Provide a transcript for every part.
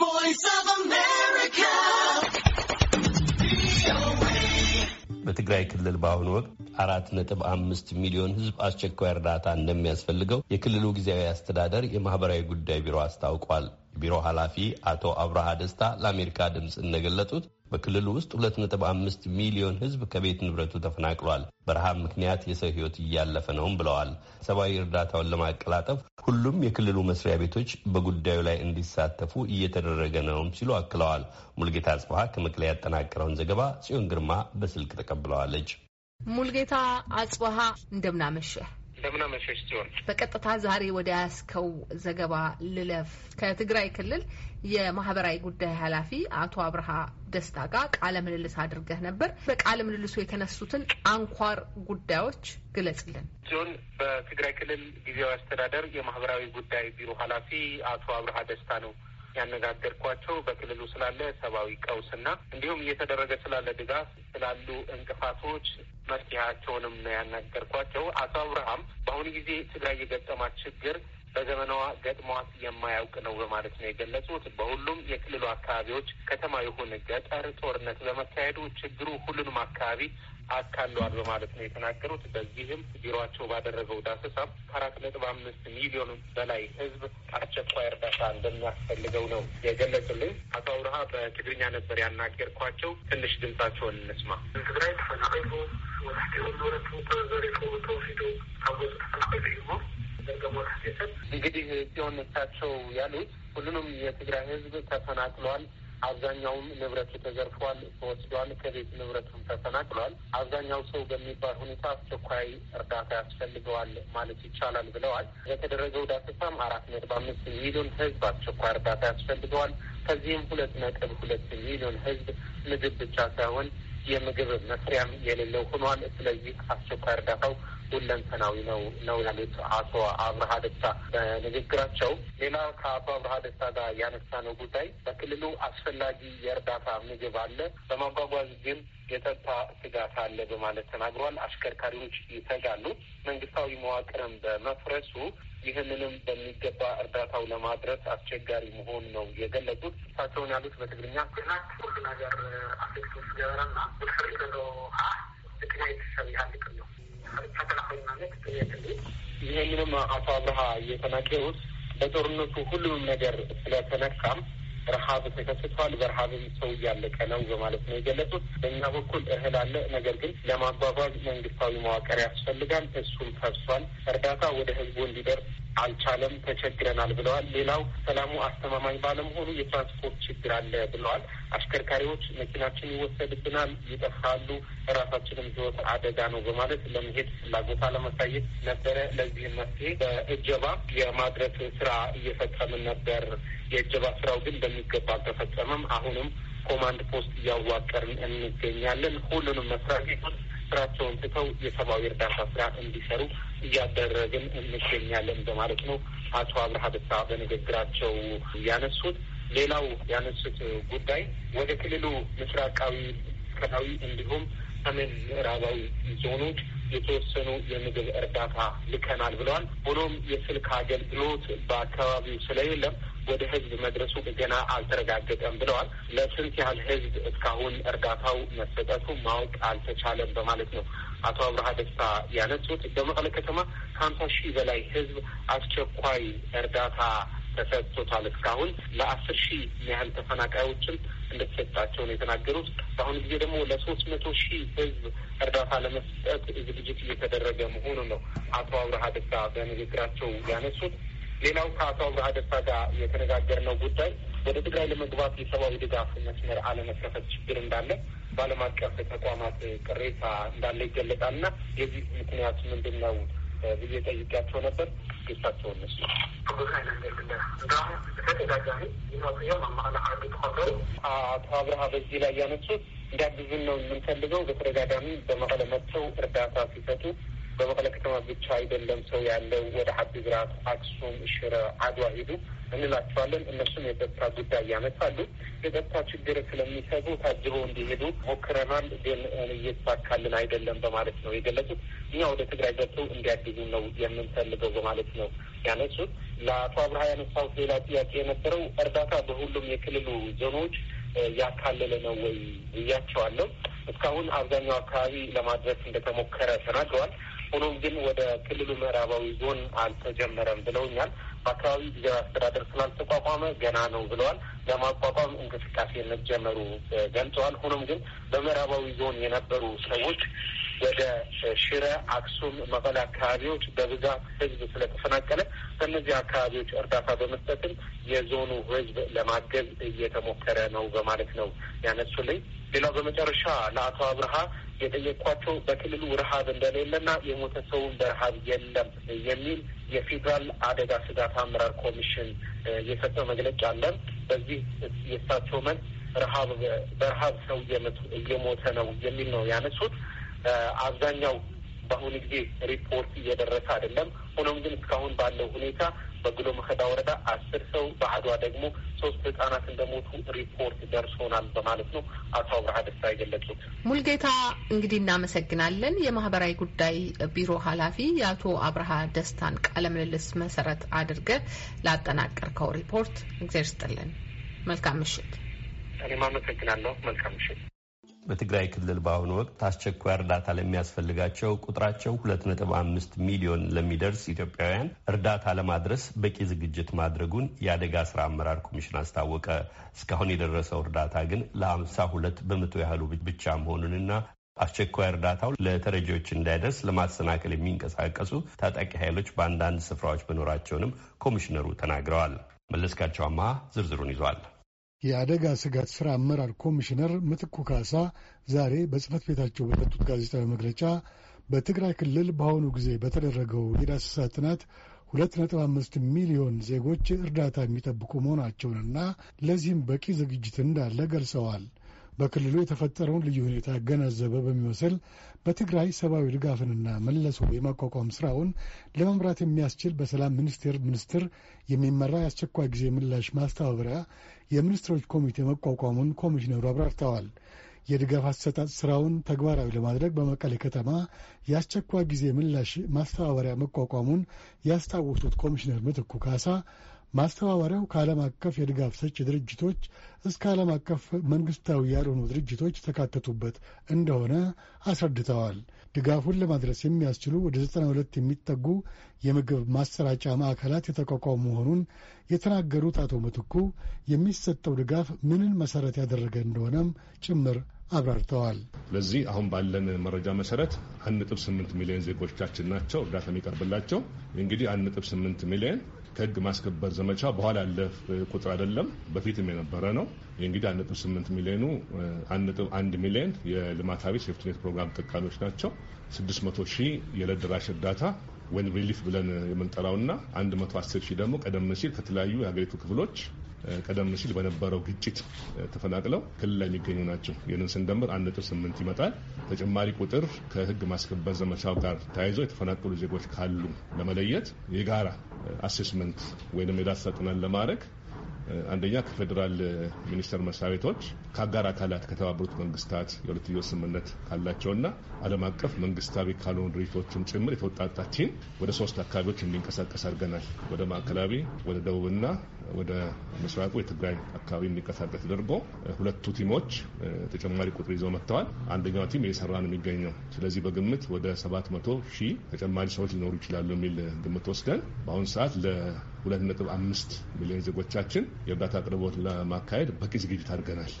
voice of America. በትግራይ ክልል በአሁኑ ወቅት አራት ነጥብ አምስት ሚሊዮን ሕዝብ አስቸኳይ እርዳታ እንደሚያስፈልገው የክልሉ ጊዜያዊ አስተዳደር የማህበራዊ ጉዳይ ቢሮ አስታውቋል። የቢሮ ኃላፊ አቶ አብርሃ ደስታ ለአሜሪካ ድምፅ እንደገለጹት በክልሉ ውስጥ 2.5 ሚሊዮን ሕዝብ ከቤት ንብረቱ ተፈናቅሏል። በረሃብ ምክንያት የሰው ሕይወት እያለፈ ነውም ብለዋል። ሰብአዊ እርዳታውን ለማቀላጠፍ ሁሉም የክልሉ መስሪያ ቤቶች በጉዳዩ ላይ እንዲሳተፉ እየተደረገ ነውም ሲሉ አክለዋል። ሙልጌታ አጽበሀ ከመቅለ ያጠናቀረውን ዘገባ ጽዮን ግርማ በስልክ ተቀብለዋለች። ሙልጌታ አጽበሀ እንደምናመሸህ እንደምናመሸሽ ሲሆን በቀጥታ ዛሬ ወደ ያስከው ዘገባ ልለፍ። ከትግራይ ክልል የማህበራዊ ጉዳይ ኃላፊ አቶ አብርሃ ደስታ ጋር ቃለ ምልልስ አድርገህ ነበር። በቃለ ምልልሱ የተነሱትን አንኳር ጉዳዮች ግለጽልን ሲሆን በትግራይ ክልል ጊዜያዊ አስተዳደር የማህበራዊ ጉዳይ ቢሮ ኃላፊ አቶ አብርሃ ደስታ ነው ያነጋገርኳቸው በክልሉ ስላለ ሰብአዊ ቀውስና እንዲሁም እየተደረገ ስላለ ድጋፍ ስላሉ እንቅፋቶች መፍትሄያቸውንም ነው ያናገርኳቸው። አቶ አብርሃም በአሁኑ ጊዜ ትግራይ የገጠማት ችግር በዘመናዋ ገጥሟት የማያውቅ ነው በማለት ነው የገለጹት። በሁሉም የክልሉ አካባቢዎች ከተማ ይሁን ገጠር ጦርነት በመካሄዱ ችግሩ ሁሉንም አካባቢ አካሏል በማለት ነው የተናገሩት። በዚህም ቢሮቸው ባደረገው ዳሰሳ ከአራት ነጥብ አምስት ሚሊዮን በላይ ህዝብ አስቸኳይ እርዳታ እንደሚያስፈልገው ነው የገለጹልኝ። አቶ አውርሃ በትግርኛ ነበር ያናገርኳቸው። ትንሽ ድምጻቸውን እንስማ። ትግራይ ተፈናቀሉ ወደ ረቱ ተዘሪፎ ተወሲዶ ካብ ተፈናቀሉ ሴትም እንግዲህ ጽዮን እሳቸው ያሉት ሁሉንም የትግራይ ህዝብ ተፈናቅሏል። አብዛኛውም ንብረቱ ተዘርፏል፣ ተወስዷል፣ ከቤት ንብረቱም ተፈናቅሏል። አብዛኛው ሰው በሚባል ሁኔታ አስቸኳይ እርዳታ ያስፈልገዋል ማለት ይቻላል ብለዋል። የተደረገው ዳሰሳም አራት ነጥብ አምስት ሚሊዮን ህዝብ አስቸኳይ እርዳታ ያስፈልገዋል። ከዚህም ሁለት ነጥብ ሁለት ሚሊዮን ህዝብ ምግብ ብቻ ሳይሆን የምግብ መስሪያም የሌለው ሆኗል። ስለዚህ አስቸኳይ እርዳታው ሁለንተናዊ ነው ነው ያሉት አቶ አብርሃ ደስታ በንግግራቸው። ሌላ ከአቶ አብርሃ ደስታ ጋር ያነሳነው ጉዳይ በክልሉ አስፈላጊ የእርዳታ ምግብ አለ በማጓጓዝ ግን የጸጥታ ስጋት አለ በማለት ተናግሯል። አሽከርካሪዎች ይሰጋሉ። መንግስታዊ መዋቅርን በመፍረሱ ይህንንም በሚገባ እርዳታው ለማድረስ አስቸጋሪ መሆን ነው የገለጹት። እሳቸውን ያሉት በትግርኛ ሁሉ ነገር ይህንንም አቶ አብርሃ እየተናገሩት በጦርነቱ ሁሉንም ነገር ስለተነካም ረሀብ ተከስቷል። በረሀብም ሰው እያለቀ ነው በማለት ነው የገለጹት። በእኛ በኩል እህል አለ፣ ነገር ግን ለማጓጓዝ መንግስታዊ መዋቅር ያስፈልጋል። እሱም ፈርሷል። እርዳታ ወደ ህዝቡ እንዲደርስ አልቻለም፣ ተቸግረናል ብለዋል። ሌላው ሰላሙ አስተማማኝ ባለመሆኑ የትራንስፖርት ችግር አለ ብለዋል። አሽከርካሪዎች መኪናችን ይወሰድብናል፣ ይጠፋሉ፣ ራሳችንም ህይወት አደጋ ነው በማለት ለመሄድ ፍላጎት አለማሳየት ነበረ። ለዚህም መፍትሄ በእጀባ የማድረስ ስራ እየፈጸምን ነበር። የእጀባ ስራው ግን በሚገባ አልተፈጸመም። አሁንም ኮማንድ ፖስት እያዋቀርን እንገኛለን። ሁሉንም መስሪያ ቤቶች ስራቸውን ትተው የሰብአዊ እርዳታ ስራ እንዲሰሩ እያደረግን እንገኛለን በማለት ነው አቶ አብርሃ ደስታ በንግግራቸው ያነሱት። ሌላው ያነሱት ጉዳይ ወደ ክልሉ ምስራቃዊ፣ ማዕከላዊ እንዲሁም ሰሜን ምዕራባዊ ዞኖች የተወሰኑ የምግብ እርዳታ ልከናል ብለዋል። ሆኖም የስልክ አገልግሎት በአካባቢው ስለሌለም ወደ ህዝብ መድረሱ ገና አልተረጋገጠም ብለዋል። ለስንት ያህል ህዝብ እስካሁን እርዳታው መሰጠቱ ማወቅ አልተቻለም በማለት ነው አቶ አብርሃ ደስታ ያነሱት። በመቀለ ከተማ ከሀምሳ ሺህ በላይ ህዝብ አስቸኳይ እርዳታ ተሰጥቶታል። እስካሁን ለአስር ሺህ ያህል ተፈናቃዮችም እንደተሰጣቸው ነው የተናገሩት። በአሁኑ ጊዜ ደግሞ ለሶስት መቶ ሺህ ህዝብ እርዳታ ለመስጠት ዝግጅት እየተደረገ መሆኑ ነው አቶ አብርሃ ደስታ በንግግራቸው ያነሱት። ሌላው ከአቶ አደታ ጋር የተነጋገርነው ጉዳይ ወደ ትግራይ ለመግባት የሰብአዊ ድጋፍ መስመር አለመከፈት ችግር እንዳለ በዓለም አቀፍ ተቋማት ቅሬታ እንዳለ ይገለጣል እና የዚህ ምክንያት ምንድን ነው ብዬ ጠይቄያቸው ነበር። ግሳቸውን ነሱ አቶ አብርሃ በዚህ ላይ ያነሱት እንዲያግዙን ነው የምንፈልገው። በተደጋጋሚ በመቀለ መጥተው እርዳታ ሲሰጡ በመቀለ ከተማ ብቻ አይደለም ሰው ያለው ወደ አዲግራት፣ አክሱም፣ ሽረ፣ አድዋ ሂዱ እንላቸዋለን። እነሱም የጸጥታ ጉዳይ ያመጣሉ። የጸጥታ ችግር ስለሚሰጉ ታጅቦ እንዲሄዱ ሞክረናል፣ ግን እየተሳካልን አይደለም በማለት ነው የገለጹት። እኛ ወደ ትግራይ ገብተው እንዲያግዙ ነው የምንፈልገው በማለት ነው ያነሱት። ለአቶ አብርሃ ያነሳሁት ሌላ ጥያቄ የነበረው እርዳታ በሁሉም የክልሉ ዞኖች ያካለለ ነው ወይ ብያቸዋለሁ። እስካሁን አብዛኛው አካባቢ ለማድረስ እንደተሞከረ ተናግረዋል። ሆኖም ግን ወደ ክልሉ ምዕራባዊ ዞን አልተጀመረም ብለውኛል። በአካባቢ ጊዜያዊ አስተዳደር ስላልተቋቋመ ገና ነው ብለዋል። ለማቋቋም እንቅስቃሴ መጀመሩ ገልጸዋል። ሆኖም ግን በምዕራባዊ ዞን የነበሩ ሰዎች ወደ ሽረ፣ አክሱም፣ መቀለ አካባቢዎች በብዛት ህዝብ ስለተፈናቀለ በእነዚህ አካባቢዎች እርዳታ በመስጠትም የዞኑ ህዝብ ለማገዝ እየተሞከረ ነው በማለት ነው ያነሱልኝ። ሌላው በመጨረሻ ለአቶ አብርሃ የጠየቅኳቸው በክልሉ ረሀብ እንደሌለና የሞተ ሰውን በረሀብ የለም የሚል የፌዴራል አደጋ ስጋት አመራር ኮሚሽን የሰጠው መግለጫ አለን። በዚህ የእሳቸው መልስ ረሀብ በረሀብ ሰው እየሞተ ነው የሚል ነው ያነሱት። አብዛኛው በአሁኑ ጊዜ ሪፖርት እየደረሰ አይደለም። ሆኖም ግን እስካሁን ባለው ሁኔታ በግሎ መከዳ ወረዳ አስር ሰው በአድዋ ደግሞ ሶስት ህጻናት እንደሞቱ ሪፖርት ደርሶናል በማለት ነው አቶ አብርሃ ደስታ የገለጹት። ሙልጌታ እንግዲህ እናመሰግናለን። የማህበራዊ ጉዳይ ቢሮ ኃላፊ የአቶ አብርሃ ደስታን ቃለ ምልልስ መሰረት አድርገ ላጠናቀርከው ሪፖርት እግዚአብሔር መልካም ምሽት። እኔም አመሰግናለሁ። መልካም ምሽት። በትግራይ ክልል በአሁኑ ወቅት አስቸኳይ እርዳታ ለሚያስፈልጋቸው ቁጥራቸው ሁለት ነጥብ አምስት ሚሊዮን ለሚደርስ ኢትዮጵያውያን እርዳታ ለማድረስ በቂ ዝግጅት ማድረጉን የአደጋ ስራ አመራር ኮሚሽን አስታወቀ። እስካሁን የደረሰው እርዳታ ግን ለአምሳ ሁለት በመቶ ያህሉ ብቻ መሆኑንና አስቸኳይ እርዳታው ለተረጂዎች እንዳይደርስ ለማሰናከል የሚንቀሳቀሱ ታጣቂ ኃይሎች በአንዳንድ ስፍራዎች መኖራቸውንም ኮሚሽነሩ ተናግረዋል። መለስካቸው አማሃ ዝርዝሩን ይዟል። የአደጋ ስጋት ሥራ አመራር ኮሚሽነር ምትኩ ካሳ ዛሬ በጽህፈት ቤታቸው በሰጡት ጋዜጣዊ መግለጫ በትግራይ ክልል በአሁኑ ጊዜ በተደረገው የዳሰሳ ጥናት 2.5 ሚሊዮን ዜጎች እርዳታ የሚጠብቁ መሆናቸውንና ለዚህም በቂ ዝግጅት እንዳለ ገልጸዋል። በክልሉ የተፈጠረውን ልዩ ሁኔታ ያገናዘበ በሚመስል በትግራይ ሰብአዊ ድጋፍንና መለሶ የማቋቋም ስራውን ለመምራት የሚያስችል በሰላም ሚኒስቴር ሚኒስትር የሚመራ የአስቸኳይ ጊዜ ምላሽ ማስተባበሪያ የሚኒስትሮች ኮሚቴ መቋቋሙን ኮሚሽነሩ አብራርተዋል። የድጋፍ አሰጣጥ ስራውን ተግባራዊ ለማድረግ በመቀሌ ከተማ የአስቸኳይ ጊዜ ምላሽ ማስተባበሪያ መቋቋሙን ያስታወሱት ኮሚሽነር ምትኩ ካሳ ማስተባበሪያው ከዓለም አቀፍ የድጋፍ ሰጪ ድርጅቶች እስከ ዓለም አቀፍ መንግስታዊ ያልሆኑ ድርጅቶች የተካተቱበት እንደሆነ አስረድተዋል። ድጋፉን ለማድረስ የሚያስችሉ ወደ 92 የሚጠጉ የምግብ ማሰራጫ ማዕከላት የተቋቋሙ መሆኑን የተናገሩት አቶ ምትኩ የሚሰጠው ድጋፍ ምንን መሰረት ያደረገ እንደሆነም ጭምር አብራርተዋል። ለዚህ አሁን ባለን መረጃ መሰረት 1.8 ሚሊዮን ዜጎቻችን ናቸው እርዳታ የሚቀርብላቸው። እንግዲህ 1.8 ሚሊዮን ከህግ ማስከበር ዘመቻ በኋላ ያለ ቁጥር አይደለም፣ በፊትም የነበረ ነው። እንግዲህ አንድ ነጥብ ስምንት ሚሊዮኑ አንድ ነጥብ አንድ ሚሊዮን የልማታዊ ሴፍትኔት ፕሮግራም ተጠቃሚዎች ናቸው። ስድስት መቶ ሺህ የለድራሽ እርዳታ ወይም ሪሊፍ ብለን እና አንድ መቶ አስር ሺህ ደግሞ ቀደም ሲል ከተለያዩ የሀገሪቱ ክፍሎች ቀደም ሲል በነበረው ግጭት ተፈናቅለው ክልል ላይ የሚገኙ ናቸው። ይህንን ስንደምር አንድ ነጥብ ስምንት ይመጣል። ተጨማሪ ቁጥር ከህግ ማስከበር ዘመቻው ጋር ተያይዞ የተፈናቀሉ ዜጎች ካሉ ለመለየት የጋራ አሴስመንት ወይም የዳሰሳ ጥናት ለማድረግ አንደኛ ከፌዴራል ሚኒስቴር መስሪያ ቤቶች ከአጋር አካላት ከተባበሩት መንግስታት የሁለትዮሽ ስምምነት ካላቸውና ዓለም አቀፍ መንግስታዊ ካልሆኑ ድርጅቶችም ጭምር የተወጣጣ ቲም ወደ ሶስት አካባቢዎች እንዲንቀሳቀስ አድርገናል። ወደ ማዕከላዊ፣ ወደ ደቡብና ወደ ምስራቁ የትግራይ አካባቢ እንዲንቀሳቀስ ተደርጎ ሁለቱ ቲሞች ተጨማሪ ቁጥር ይዘው መጥተዋል። አንደኛው ቲም እየሰራ ነው የሚገኘው። ስለዚህ በግምት ወደ 700 ሺህ ተጨማሪ ሰዎች ሊኖሩ ይችላሉ የሚል ግምት ወስደን በአሁኑ ሰዓት ለ2.5 ሚሊዮን ዜጎቻችን የእርዳታ አቅርቦት ለማካሄድ በቂ ዝግጅት አድርገናል።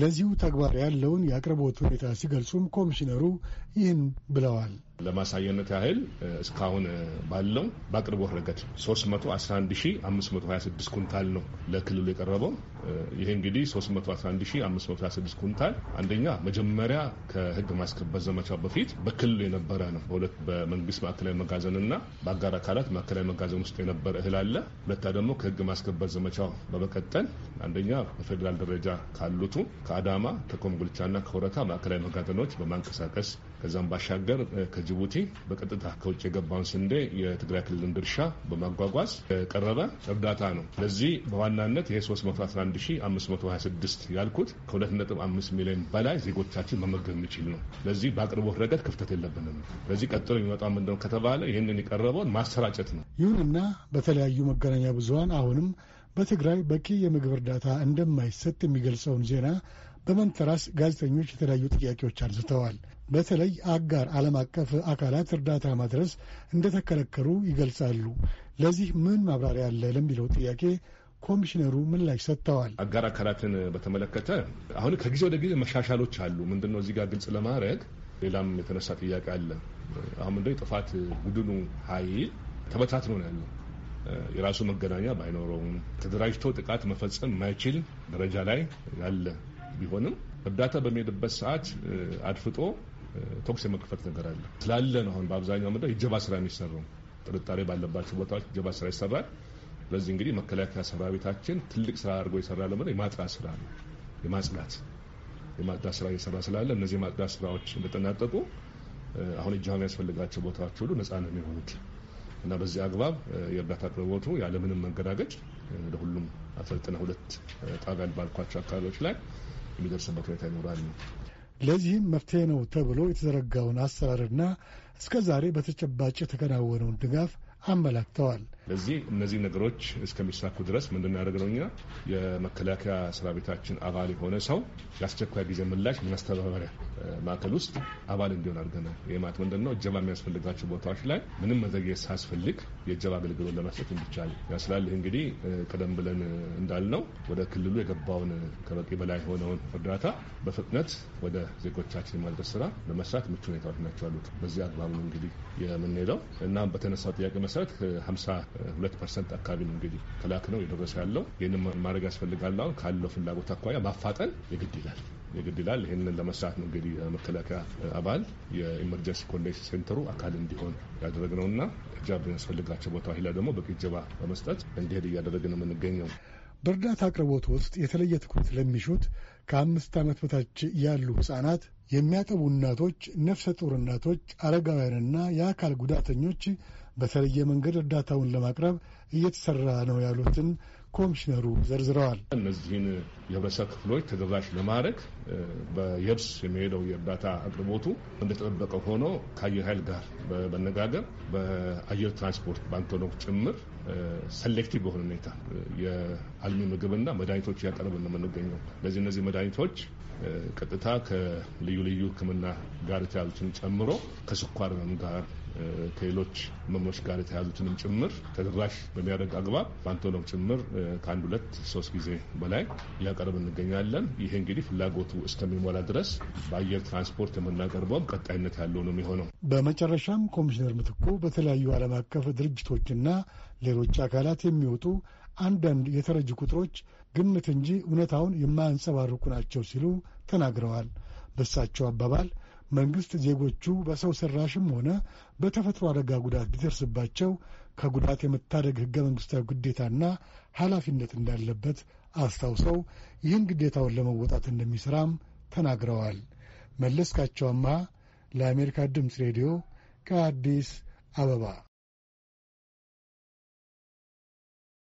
ለዚሁ ተግባር ያለውን የአቅርቦት ሁኔታ ሲገልጹም ኮሚሽነሩ ይህን ብለዋል። ለማሳየነት ያህል እስካሁን ባለው በአቅርቦት ረገድ 311526 ኩንታል ነው ለክልሉ የቀረበው። ይህ እንግዲህ 311526 ኩንታል አንደኛ መጀመሪያ ከህግ ማስከበር ዘመቻው በፊት በክልሉ የነበረ ነው። በሁለት በመንግስት ማዕከላዊ መጋዘንና በአጋር አካላት ማዕከላዊ መጋዘን ውስጥ የነበረ እህል አለ። ሁለታ ደግሞ ከህግ ማስከበር ዘመቻው በመቀጠል አንደኛ በፌዴራል ደረጃ ካሉቱ ከአዳማ ከኮምቦልቻና ከሆረታ ማዕከላዊ መጋዘኖች በማንቀሳቀስ ከዛም ባሻገር ከጅቡቲ በቀጥታ ከውጭ የገባውን ስንዴ የትግራይ ክልልን ድርሻ በማጓጓዝ የቀረበ እርዳታ ነው። ለዚህ በዋናነት የ311526 ያልኩት ከ2.5 ሚሊዮን በላይ ዜጎቻችን መመገብ የሚችል ነው። ለዚህ በአቅርቦት ረገድ ክፍተት የለብንም። ለዚህ ቀጥሎ የሚመጣው ምንድነው ከተባለ ይህንን የቀረበውን ማሰራጨት ነው። ይሁንና በተለያዩ መገናኛ ብዙሀን አሁንም በትግራይ በቂ የምግብ እርዳታ እንደማይሰጥ የሚገልጸውን ዜና በመንተራስ ጋዜጠኞች የተለያዩ ጥያቄዎች አንስተዋል። በተለይ አጋር ዓለም አቀፍ አካላት እርዳታ ማድረስ እንደተከለከሉ ይገልጻሉ። ለዚህ ምን ማብራሪያ አለ ለሚለው ጥያቄ ኮሚሽነሩ ምላሽ ሰጥተዋል። አጋር አካላትን በተመለከተ አሁን ከጊዜ ወደ ጊዜ መሻሻሎች አሉ። ምንድነው እዚህ ጋር ግልጽ ለማድረግ ሌላም የተነሳ ጥያቄ አለ። አሁን ምንድነው የጥፋት ቡድኑ ኃይል ተበታትኖ ነው ያለው። የራሱ መገናኛ ባይኖረውም ተደራጅቶ ጥቃት መፈጸም የማይችል ደረጃ ላይ ያለ ቢሆንም እርዳታ በሚሄድበት ሰዓት አድፍጦ ተኩስ የመክፈት ነገር አለ ስላለ ነው። አሁን በአብዛኛው ምንድነው የጀባ ስራ የሚሰራው ጥርጣሬ ባለባቸው ቦታዎች ጀባ ስራ ይሰራል። ለዚህ እንግዲህ መከላከያ ሰራዊታችን ትልቅ ስራ አድርጎ የሰራ ለምን የማጥራት ስራ ነው የማጽዳት የማጽዳት ስራ እየሰራ ስላለ እነዚህ የማጽዳት ስራዎች እንደጠናጠቁ አሁን እጅ የሚያስፈልጋቸው ቦታዎች ሁሉ ነፃ ነው የሚሆኑት እና በዚህ አግባብ የእርዳታ አቅርቦቱ ያለምንም መንገዳገጭ ወደ ሁሉም አሰልጥነ ሁለት ጣቢያ ባልኳቸው አካባቢዎች ላይ የሚደርስበት ሁኔታ ይኖራል ነው። ለዚህም መፍትሄ ነው ተብሎ የተዘረጋውን አሰራርና እስከ ዛሬ በተጨባጭ የተከናወነውን ድጋፍ አመላክተዋል። ለዚህ እነዚህ ነገሮች እስከሚሳኩ ድረስ ምንድን ነው? እኛ የመከላከያ ስራ ቤታችን አባል የሆነ ሰው የአስቸኳይ ጊዜ ምላሽ ማስተባበሪያ ማዕከል ውስጥ አባል እንዲሆን አድርገናል። ይህ ማለት ምንድን ነው? እጀባ የሚያስፈልጋቸው ቦታዎች ላይ ምንም መዘግየት ሳያስፈልግ የእጀባ አገልግሎት ለመስጠት እንዲቻል ያስላልህ። እንግዲህ ቀደም ብለን እንዳልነው ወደ ክልሉ የገባውን ከበቂ በላይ የሆነውን እርዳታ በፍጥነት ወደ ዜጎቻችን የማድረስ ስራ ለመስራት ምቹ ሁኔታዎች ናቸው አሉት። በዚህ አግባብ ነው እንግዲህ የምንሄደው እና በተነሳው ጥያቄ መሰረት መሰረት ሀምሳ ሁለት ፐርሰንት አካባቢ ነው እንግዲህ ተላክ ነው የደረሰ ያለው። ይህን ማድረግ ያስፈልጋል። አሁን ካለው ፍላጎት አኳያ ማፋጠን የግድ ይላል የግድ ይላል። ይህንን ለመስራት ነው እንግዲህ መከላከያ አባል የኢመርጀንሲ ኮሌጅ ሴንተሩ አካል እንዲሆን ያደረግነው እና እርጃ በሚያስፈልጋቸው ቦታ ሂላ ደግሞ በቅጀባ በመስጠት እንዲሄድ እያደረግን የምንገኘው። በእርዳታ አቅርቦት ውስጥ የተለየ ትኩረት ለሚሹት ከአምስት ዓመት በታች ያሉ ሕፃናት፣ የሚያጠቡ እናቶች፣ ነፍሰ ጡር እናቶች፣ አረጋውያንና የአካል ጉዳተኞች በተለየ መንገድ እርዳታውን ለማቅረብ እየተሰራ ነው ያሉትን ኮሚሽነሩ ዘርዝረዋል። እነዚህን የህብረተሰብ ክፍሎች ተደራሽ ለማድረግ በየብስ የሚሄደው የእርዳታ አቅርቦቱ እንደተጠበቀ ሆኖ ከአየር ኃይል ጋር በመነጋገር በአየር ትራንስፖርት በአንቶኖቭ ጭምር ሴሌክቲቭ በሆነ ሁኔታ የአልሚ ምግብና መድኃኒቶች እያቀረብን ነው የምንገኘው። ለዚህ እነዚህ መድኃኒቶች ቀጥታ ከልዩ ልዩ ሕክምና ጋር የተያዙትን ጨምሮ ከስኳር ህመም ጋር ከሌሎች ህመሞች ጋር የተያዙትንም ጭምር ተደራሽ በሚያደርግ አግባብ በአንቶኖም ጭምር ከአንድ ሁለት ሶስት ጊዜ በላይ እያቀረብ እንገኛለን። ይሄ እንግዲህ ፍላጎቱ እስከሚሞላ ድረስ በአየር ትራንስፖርት የምናቀርበውም ቀጣይነት ያለው ነው የሚሆነው። በመጨረሻም ኮሚሽነር ምትኩ በተለያዩ ዓለም አቀፍ ድርጅቶችና ሌሎች አካላት የሚወጡ አንዳንድ የተረጂ ቁጥሮች ግምት እንጂ እውነታውን የማያንጸባርቁ ናቸው ሲሉ ተናግረዋል። በሳቸው አባባል መንግሥት ዜጎቹ በሰው ሠራሽም ሆነ በተፈጥሮ አደጋ ጉዳት ቢደርስባቸው ከጉዳት የመታደግ ሕገ መንግሥታዊ ግዴታና ኃላፊነት እንዳለበት አስታውሰው ይህን ግዴታውን ለመወጣት እንደሚሠራም ተናግረዋል። መለስካቸው ለአሜሪካ ድምፅ ሬዲዮ ከአዲስ አበባ